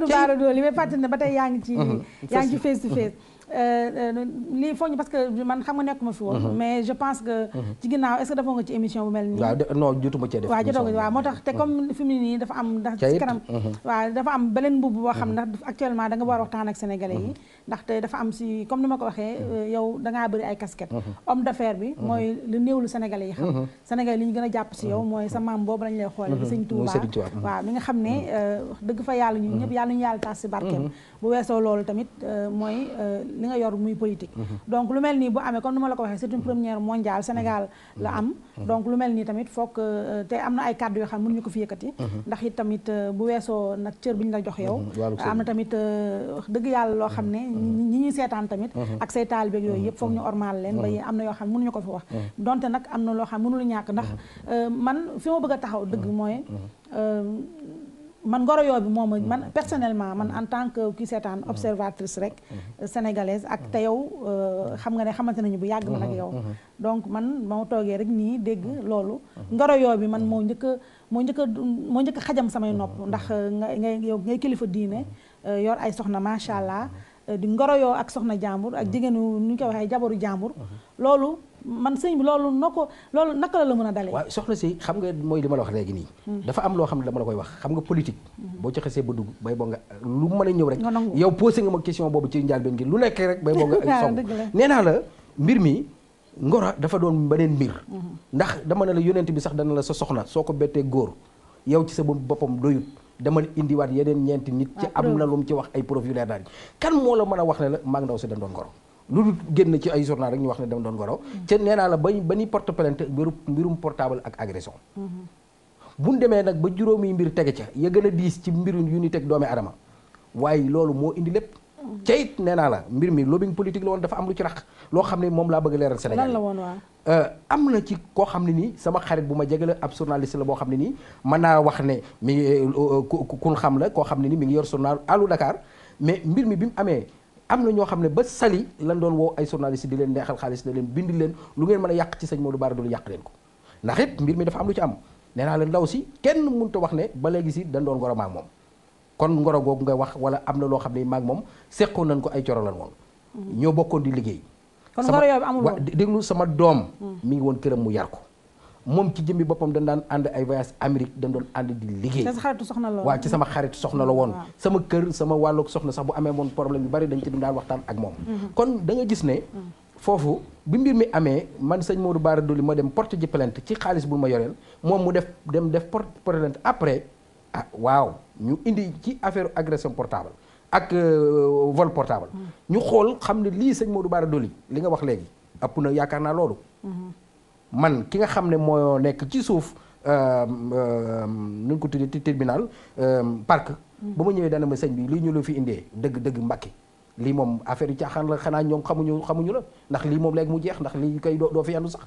Amadou Bara Dolly mais fàttali na ba tey yaa ngi ci mm-hmm. yaa ngi ci face to face lii foog ñu parce que man xam nga nekkuma fi woon mm-hmm. mais je pense que mm-hmm. ci ginnaaw est-ce que defoon nga ci émission bu mel nii waaw non jotuma cee def waaw jotoo ko moo tax te comme fi mu ne nii dafa am ndax ci kanam waaw dafa am beneen mbubb boo xam ndax actuellement da nga war a waxtaan ak sénégalais yi ndaxte dafa am si comme ni ma ko waxee mhm. euh, yow dangaa bëri ay casquette mhm. homme d'affaires bi mhm. mooy lu néew lu sénégalais yi xam sénégalais li ñu gën a jàpp si yow mooy sa maam boobu lañ lay xoole di sëñ Touba waaw mi nga xam ne euh, dëgg fa yàlla ñu ñëpp yàlla ñu yàlla taas si barkeem bu weesoo loolu tamit euh, mooy li nga yor muy politique donc lu mel nii bu amee comme ni ma la ko waxee c'est une première mondiale Sénégal la am donc lu mel nii tamit foog te am na ay kàddu yoo xam ne mënuñu ko fi yëkkati ndax it tamit bu weesoo nag cër bi ñu jox yow na tamit dëgg yàlla loo xam ne ñi ñuy seetaan tamit uh-huh. ak say taalibeeg yooyu yëpp foog ñu uh-huh. ormaal leen ba uh-huh. am na yoo xam ne mënuñu ko fi wax donte nag am na loo xam mënul ñàkk ndax euh, man fi ma bëgg a taxaw dëgg mooy euh, man ngoro yoo bi moom man personnellement man en tant que ki seetaan observatrice rek sénégalaise ak te yow euh, xam nga ne xamante nañu bu yàgg man ak yow donc man moo toogee rek nii dégg loolu ngoro yoo bi man moo njëkk a moo njëkk a moo njëkk xajam samay nopp ndax nga ngay yow kilifa diine yor ay soxna macha allah. di ngoroyoo ak soxna jàmbur ak mm-hmm. jigéenu nu ñu ko waxee jabaru jàmbur mm-hmm. loolu man sëñ bi loolu na ko loolu naka la la mën a dalee waaw soxna si xam nga mooy li ma la wax léegi nii mm-hmm. dafa am loo xam ne dama la koy wax xam nga politique boo ci xasee ba dugg bay boo nga lu mën a ñëw rek yow posé nga ma question boobu ci njaal ben gi lu nekk rek bay boo nga song nee naa la mbir mi ngoro dafa doon beneen mbir ndax dama la yonent bi sax dana la sa soxna soo ko bettee góor yow ci sa boppam doyut demal indiwaat yeneen ñeenti nit ci ah, am na lu mu ci wax ay preuve yu leer kan moo la mën a wax ne la mag ngi ndaw si dañ doon goro lu dul génn ci ay journal rek ñu wax ne dem doon goro ca mm-hmm. nee naa la ba ba ñuy porte plainte mbirum mbirum portable ak agression mm-hmm. buñ demee nag ba juróomi mbir tege ca ya gën a diis ci mbirun yu nu teg doomi adama waaye loolu moo indi lépp ca it nee la mbir mi lobbying politique la woon dafa am lu ci rax loo xam ne moom laa bëgg leeral Sénégal lan la woon waaw euh, am na ci xam ne nii sama xarit bu ma jege la ab la boo xam ne nii mën naa wax ne mi euh, euh, kun xam la koo xam ne nii mi ngi yor journal Allo Dakar mais mbir mi bi mu amee am na ñoo xam ne ba sali lan doon woo ay journaliste di leen neexal xaalis ne leen bind leen lu ngeen mën a yàq ci sëñ Modou Bara Dolly yàq leen ko ndax it mbir mi dafa am lu ci am neenaa naa la ndaw si kenn mënut a wax ne ba léegi si dan doon goromaa moom kon ngoro googu nga wax wala am na loo xam ne maag moom seqoon nañ ko ay coro lan woon ñoo bokkoon di liggéey kon ngoro yooyu amul woon déglu sama doom hmm. mi ngi woon këram mu yar ko moom ci jëmmi boppam dañ daan ànd ay voyage Amérique dañ doon ànd di liggéey waaw ci sama xarit soxna la woon hmm. Hmm. sama kër sama wàllug soxna sax bu amee woon problème yu bari dañ ci daan waxtaan ak moom kon da nga gis ne foofu bi mbir mi amee man sëñ du Bara Dolly ma dem porte ji plainte ci xaalis bu ma yoreel moom mu def dem def porte plainte après ah waaw ñu indi ci affaire agression portable ak euh, vol portable. Mm. ñu xool xam ne lii sëñ Modou Bara Dolly li nga wax léegi ëpp na yaakaar naa loolu. Mm-hmm. man ki nga xam ne moo nekk ci suuf euh, euh, nu ñu ko tuddee ci tribunal parc. Mm. ba ma ñëwee dana ma sëñ bi lii ñu la fi indee dëgg dëgg mbàkki lii moom affaire yi caaxaan la xanaa ñoom xamuñu xamuñu la ndax lii moom léegi mu jeex ndax lii kay doo doo sax.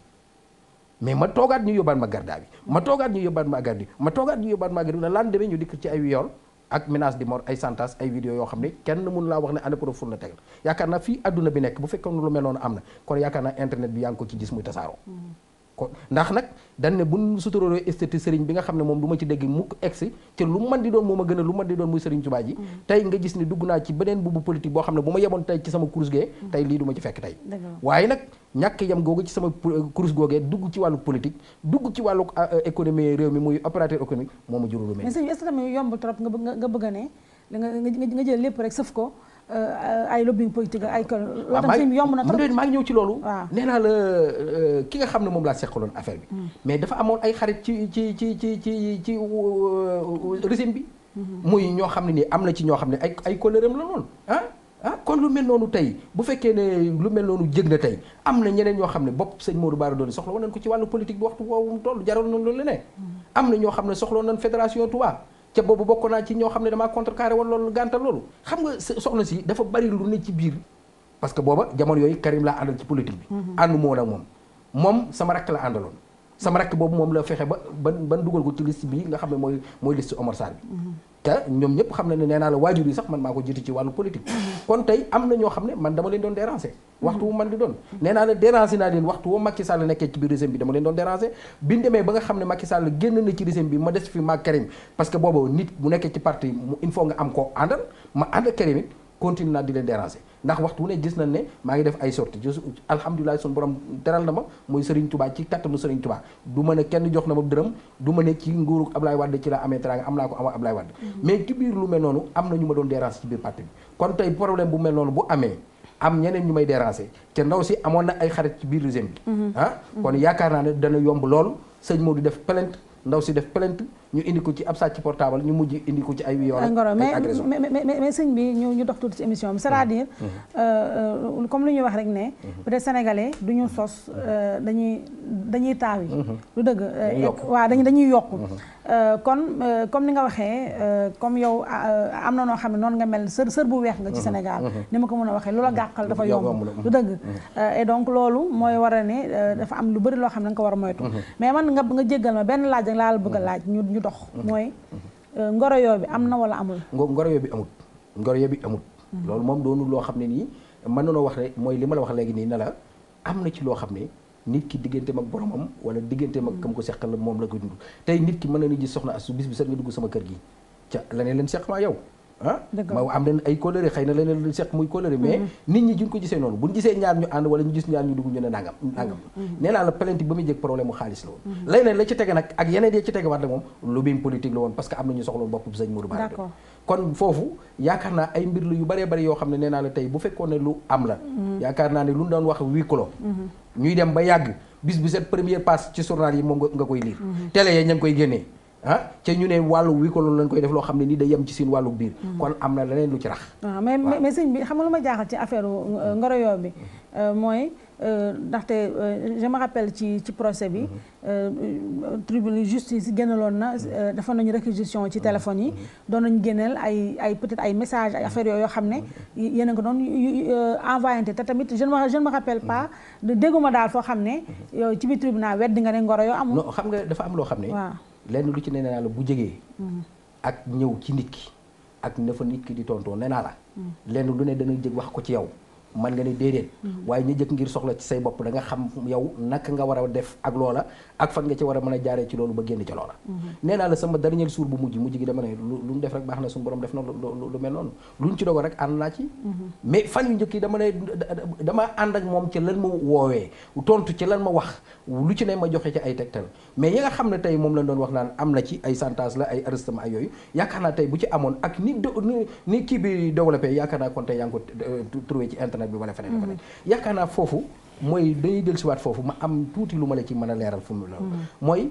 mais ma toogaat ñu yóbbaat ma garda bi ma toogaat ñu yóbbaat ma garda bi ma toogaat ñu yóbbaat ma garda bi la lan demee ñu dikk ci ay yoon ak menace de mort ay santas ay vidéo yoo xam ne kenn mun wax ne ana pour la tegal yaakaar naa fii adduna bi nekk bu fekkoon lu mel am na kon yaakaar naa internet bi yaa ngi ko ci gis muy tasaaroo mm-hmm. ko ndax nag dañ ne buñ suturoo esthétique sëriñ bi nga xam ne moom du ma ci dégg mukk egsi te lu mën di doon moo ma gën a lu mën di doon muy sëriñ Tuubaa ji mm-hmm. tey nga gis ni dugg naa ci beneen bubu politique boo xam ne bu ma yemoon tey ci sama course gee mm-hmm. tey lii du ci fekk tey waaye nag ñàkk yam googu ci sama euh, course googee dugg ci wàllu politique dugg ci wàllu euh, euh, économie réew mi muy opérateur économique moo ma jurulu mais sëñ est-ce a jël lépp rek ko Euh, ay lobbying politique ay kër. waaw ah, maa ngi yomb na trop maa ngi ñëw ci loolu. Ah. nee naa la euh, ki nga xam ne moom laa seqaloon affaire bi. Hmm. mais dafa amoon ay xarit ci ci ci ci ci ci euh, régime bi. Hmm. muy ñoo xam ne nii am na ci ñoo xam ne ay ay la noonu ah. ah kon lu mel noonu tey bu fekkee ne lu mel noonu jëg na tey am na ñeneen ñoo xam ne bopp sëñ Modou Bara Dolly soxla woon nañ ko ci wàllu politique bi waxtu woowu mu jaroon loolu ne. Hmm. am na ñoo xam ne soxla woon nañ fédération ca boobu bokk naa ci ñoo xam ne damaa contrecarré woon loolu gàntal loolu xam nga soxna si dafa bari lu ne ci biir parce que booba jamono yooyu Karim laa àndal ci politique bi mhm. àndu moo ak moom moom sama rakk la àndaloon sama rakk boobu moom la fexe ba ban dugal ko ci liste bi nga xam ne mooy mooy liste bi mm-hmm. te ñoom ñëpp xam ne ne la waajur yi sax man maa ko jiitu ci wàllu politique mm-hmm. kon tey am na ñoo xam ne man dama leen doon déranger mm-hmm. waxtu wu man di doon nee naa la déranger naa leen waxtu woo Macky Sall nekkee ci biir régime bi dama leen doon déranger bi ñu ba nga xam ne Macky Sall génn na ci régime bi ma des fi ma Karim parce que boobu nit bu nekkee ci parti mu il faut nga am di leen déranger ndax waxtu ne gis na ne maa ngi def ay sorti jus alhamdulilah suñu borom teral na ma mooy Serigne Touba ci kattanu Serigne Touba du ma kenn jox na ma dërëm du ma ci nguuru Ablaye Wade ci la amee teraanga am naa ko ama Ablaye mm-hmm. na ñu ma doon déranger ci biir parti bi kon tey problème bu mel noonu bu amee am ñeneen ñu may déranger te ndaw si amoon na ay xarit ci biir régime bi mm-hmm. ah kon mm-hmm. yaakaar naa ne dana yomb lool sëñ Modou def plainte ndaw si def plainte ñu indi ko ci ab sàcc portable ñu mujj indi ko ci ay yoon ay agression mais mais mais sëñ bi ñu ñu dox tuuti ci émission bi cest à ni nga waxee euh, comme yow euh, am na noo xam ne noonu mel sër sër bu weex nga ci mm-hmm. Sénégal mm-hmm. ni ko mën waxee loola gàkkal dafa yomb mm-hmm. lu dëgg euh, et loolu mooy war ne dafa am lu bëri loo xam ne ko war a mais man nga nga ma benn laaj laa la bëgg laaj ndox mooy euh, ngoro yoo bi am na wala amul. ngoro yoo bi amut ngoro yoo bi amut. loolu moom doonul loo xam ne nii mën nañoo wax rek mooy li ma la wax léegi nii na la am na ci loo xam ne nit ki digganteem ak boromam wala diggante mag kam ko seqal moom la ko dund tey nit ki mën na ni gis soxna asu bis bi sax nga dugg sama kër gi ca la ne leen seq maa yow. ah am leen ay colère xëy na leneen lu seq muy colère mais mm-hmm. nit ñi duñ ko gisee noonu buñ gisee ñaar ñu ànd wala ñu gis ñaar ñu dugg ñu ne nangam mm-hmm. nangam mm-hmm. la plainte ba muy jëkk problème xaalis la woon la yaakaar naa ay lu am la wax huis clos ñuy dem ba yàgg bis bu set première passe ci journal yi moom nga koy lire télé ya ña koy génnee ah ca ñu ne wàllu wi ko loolu lañ koy def loo xam ne nii da yem ci seen wàllu biir mm-hmm. kon am na leneen lu ci rax ah, waaw mais mais sëñ bi xam nga lu ma jaaxal ci affaire euh, yoo bi euh, mooy euh, ndaxte je me rappelle ci ci procès bi mm-hmm. tribunal justice génneloon na mm-hmm. defoon nañu réquisition ci téléphone yi doon nañu génneel ay ay peut-être ay messages ay affaires yooyu yoo xam ne yéen ko doon envoyé te tamit je ne je ne me pas dégguma daal foo xam ne yow ci biir tribunal weddi nga ne ngoro yoo amul xam nga dafa am loo xam ne waaw lenn lu ci ne nee la bu jegee mm. ak ñëw ci nit ki ak na fa nit ki di tontoo nee naa la mm. lenn lu ne dana jëg wax ko ci yow man nga ne déedéet mm-hmm. waaye ñu jëkk ngir soxla ci say bopp da nga xam yow naka nga war a def ak loola ak fan nga ci war a mën a jaaree ci loolu ba génn ci loola mm-hmm. nee naa la sama dernier suur bu mujj mujj gi dama ne lu mu def rek baax na suñu def na lu mel noonu luñ ci dogo rek ànd naa ci mm-hmm. mais fan yu njëkk yi dama ànd ak moom ci lan ma woowee tontu ci lan ma wax lu ci ne ma joxe ci ay tegtal mais yi nga xam ne tey moom lañ doon wax naan am na la ay arrestement ay yooyu yaakaar naa tey internet bi wala feneen mhm. feneen yaakaar naa foofu mooy dañuy dellusiwaat foofu ma am tuuti lu ma la ci mën a leeral fu mu la mhm. mooy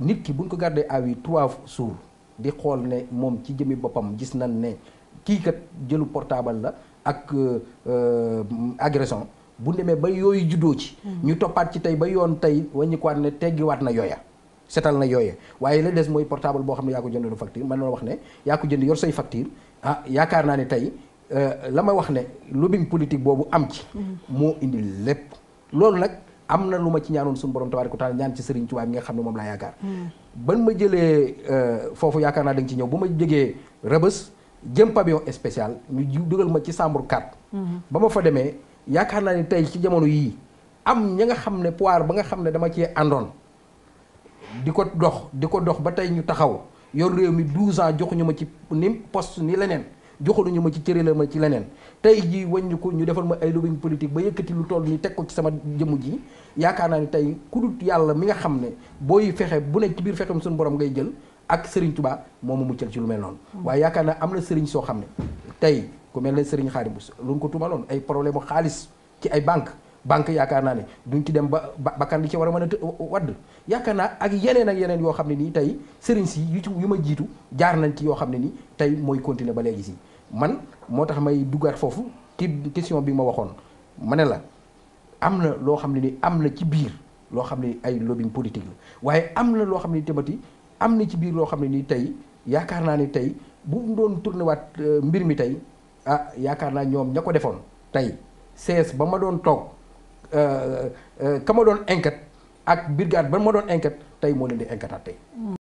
nit ki buñ ko gardé à vue trois jours di xool ne moom ci jëmmi boppam gis na ne kii kat jëlu portable la ak euh, agression bu demee ba yooyu juddoo ci mhm. ñu toppaat ci tey ba yoon tey wàññikuwaat ne teggiwaat na yooya setal na yooyee waaye la des mooy portable boo xam ne yaa ko jëndoon facture man na wax ne yaa ko jënd yor say facture ah, la ma wax ne lobbying politique boobu am ci. Mm-hmm. moo indi lépp loolu nag am na lu ma ci ñaanoon suñu borom tabaaraka taala ñaan ci Serigne Touba bi nga xam ne moom laa yaakaar. Mm-hmm. ban ma jëlee euh, foofu yaakaar naa da ci ñëw bu ma jógee Rëbës jëm pavillon spécial ñu dugal ma ci chambre 4. Mm-hmm. ba ma fa demee yaakaar naa ne tey ci jamono yii am ña nga xam ne pouvoir ba nga xam ne dama cee àndoon di ko dox di ko dox ba tey ñu taxaw yor réew mi 12 ans joxuñu ma ci ni poste leneen. joxoon ñu ma ci cërale ma ci leneen tey jii wàññi ko ñu defal ma ay lobbying politique ba yëkkati lu toll ni teg ko ci sama jëmm ji yaakaar naa ne tey ku dut yàlla mi nga xam ne booy fexe bu nekk ci biir fexem suñu borom ngay jël ak Serigne Touba moo ma muccal ci lu mel noonu. Mm. waaye yaakaar naa am na Serigne soo xam ne tey ku mel ne Serigne Xaadim lu ko tuumaloon ay problème xaalis ci ay banque banque yaakaar naa ne duñ ci dem ba bakkan li ci war a mën a wadd yaakaar naa ak yeneen ak yeneen yoo xam ne nii tey sëriñ si yu ci ma jiitu jaar nañ ci yoo xam ne nii tey mooy continuer ba léegi si man moo tax may duggaat foofu ci question bi ma waxoon ma ne la am na loo xam ne ni am na ci biir loo xam ne ay lobbying politique waaye am na loo xam ne ni tamati am na ci biir loo xam ne ni tey yaakaar naa ni tey bu doon tourné euh, mbir mi tey ah yaakaar naa ñoom ña ko defoon tey sees ba ma doon toog euh, euh, ka ma doon enquête ak brigade ba ma doon enquête tey moo leen di enquêtaat tey